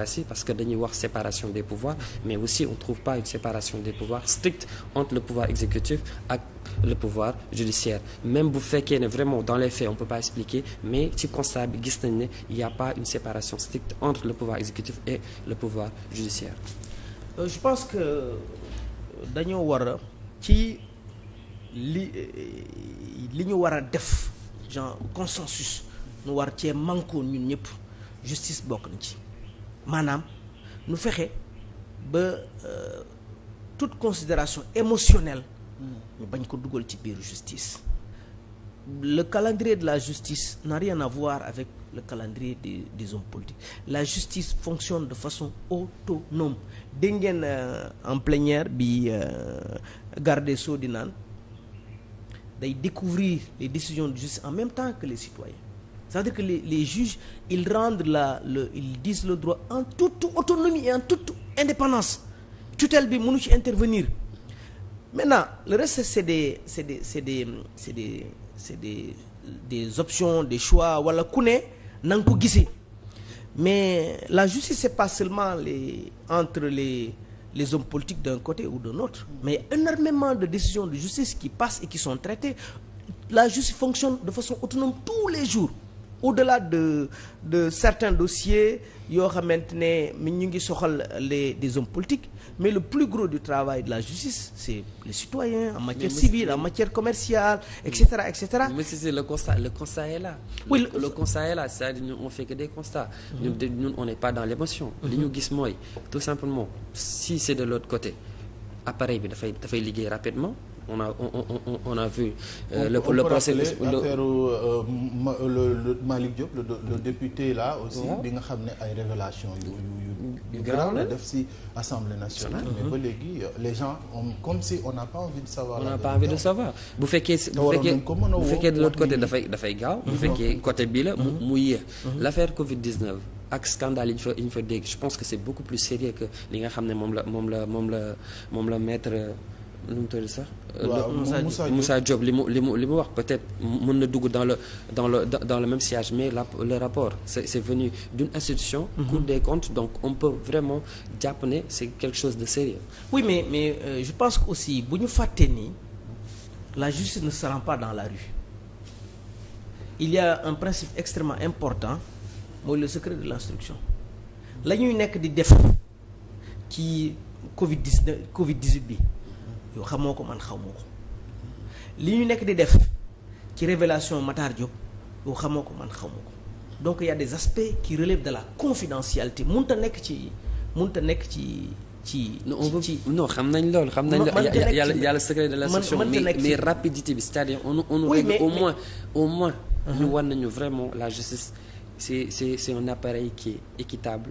démocratie parce que dañuy wax séparation des pouvoirs mais aussi on trouve pas une séparation des pouvoirs stricte entre le pouvoir exécutif a le pouvoir judiciaire même bu fekkee ne vraiment dans les faits on peut pas expliquer mais ci constat bi gis nañ ne a pas une séparation stricte entre le pouvoir exécutif et le pouvoir judiciaire euh, je pense que dañoo war a ci li euh, li war a def genre consensus nu war cee mànkoo ñun ñëpp justice bokk ci maanaam nu fexe ba euh, toute considération émotionnelle ñu bañ ko dugal ci biir justice le calendrier de la justice n'a rien à avec le calendrier des, des hommes politiques la justice fonctionne de façon autonome dégg ngeen euh, en plénière bi euh, garde soo di naan day découvrir les décisions de justice en même temps que les citoyens c'est-à-dire que les les juges ils rendent la le ils disent le droit en toute autonomie et en toute indépendance tutelle bi mënu ci intervenir maintenant le reste c'est des c'est des des c'est des c'est des des options des choix wala ku ne na nga ko gisee mais la justice c'est pas seulement les entre les les hommes politiques d'un côté ou d'un autre mais énormément de décisions de justice qui passent et qui sont traitées la justice fonctionne de façon autonome tous les jours au-delà de de certains dossiers yoo xamante ne ñu ngi soxal les des hommes politiques mais le plus gros du travail de la justice c'est les citoyens en matière civile en matière commerciale et cetera et cetera mais c'est le constat le constat est là oui le, le constat est là c'est-à-dire ñun on fait que des constats ñun mhm. ñun on n'est pas dans l'émotion mhm. li ñu gis mooy tout simplement si c'est de l'autre côté appareil bi dafay dafay liggéey rapidement on a on on on a vu. Euh, le on le procès euh, euh, le le Malick aussi. bi nga xam ne ay révélation yu yu yu. def si assemblée nationale. mais ba léegi euh, les gens ont comme si on n'a pas envie de savoir. on n'a pas envie de bu fekkee. bu fekkee bu fekkee l'autre côté dafay dafay gaaw. bu fekkee côté bii la. mu mu yéex. l'affaire Covid 19. ak scandale yi ñu fa je pense que c'est beaucoup plus sérieux que li nga xam ne moom la moom la moom la moom la mettre. nu mu tudd sax. waaw Moussa Diop li mu li mu li mu wax peut-être mën na dugg dans le dans le dans le même siège mais la le rapport c'est c'est venu d'une institution. Mhm. Cour des comptes donc on peut vraiment jàpp ne c'est quelque chose de sérieux. oui mais mais euh, je pense que aussi bu ñu fàtte nii la justice ne se rend pas dans la rue il y a un principe extrêmement important mooy le secret de l'instruction la ñuy nekk di def ci Covid 19 Covid bi. yow xamoo ko man xamoo ko li ñu nekk di def ci révélation Matar Diop yow xamoo ko man xamu ko donc il y a des aspects qui relèvent de la confidentialité mënut ta nekk ci mënut a nekk ci ci ci non xam nañ lool xam nañ yàlla yàlla secret de la section mais mais rapidité bi c'est-à-dire au moins au moins mhm. ñu war nañu vraiment la justice c'est c'est c'est un appareil qui équitable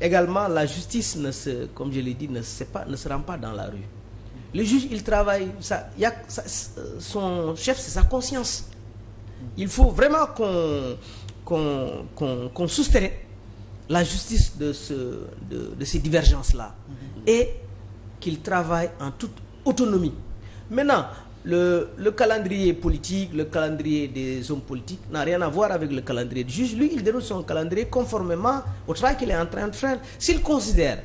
également la justice ne comme je l'ai dit ne se pas pas dans la rue le juge il travaille ça y euh, son chef c'est sa conscience il faut vraiment qu'on qu'on qu'on qu'on soustrait la justice de ce de de ces divergences là et qu'il travaille en toute autonomie maintenant le le calendrier politique le calendrier des hommes politiques n'a rien à voir avec le calendrier du juge lui il déroule son calendrier conformément au qu'il est en train de faire s'il considère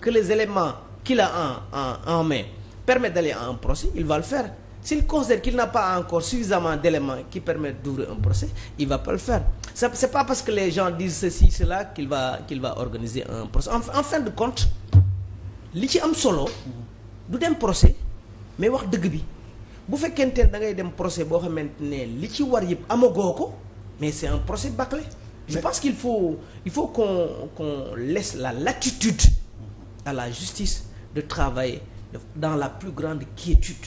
que les éléments qu'il a en, en, en main permettent d'aller à un procès il va le faire s'il considère qu'il n'a pas encore suffisamment d'éléments qui permettent d'ouvrir un procès il va pas le faire c'est pas parce que les gens disent ceci cela qu'il va qu'il va organiser un procès en, en fin de compte li ci am solo mais wax dëgg bi bu fekkente ne da ngay dem procès boo xamante ne li ci war yëpp amagoo ko mais c'est un procès bâclé je pense qu'il faut il faut qu'on qu'on laisse la latitude à la justice de travailler dans la plus grande quiétude